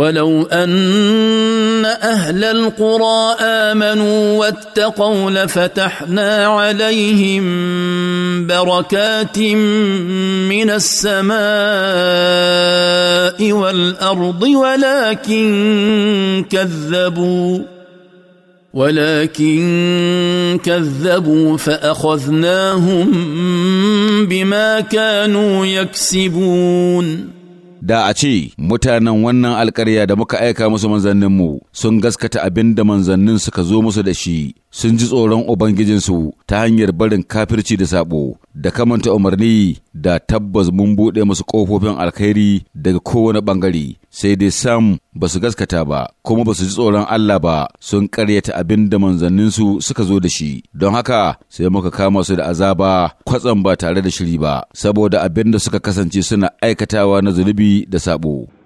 ولو ان اهل القرى امنوا واتقوا لفتحنا عليهم بركات من السماء والارض ولكن كذبوا ولكن كذبوا فاخذناهم بما كانوا يكسبون da a ce mutanen wannan alkarya da muka aika musu manzanninmu sun gaskata abin da manzannin suka zo musu da shi sun ji tsoron Ubangijinsu ta hanyar barin kafirci da sabo da kamanta umarni da tabbas mun buɗe musu ƙofofin alkhairi daga kowane ɓangare sai dai sam ba su gaskata ba kuma ba su ji tsoron Allah ba sun ƙaryata abin da manzanninsu suka zo da shi don haka sai muka kama su da azaba kwatsam ba tare da shiri ba saboda abin da suka kasance suna aikatawa na zunubi da sabo.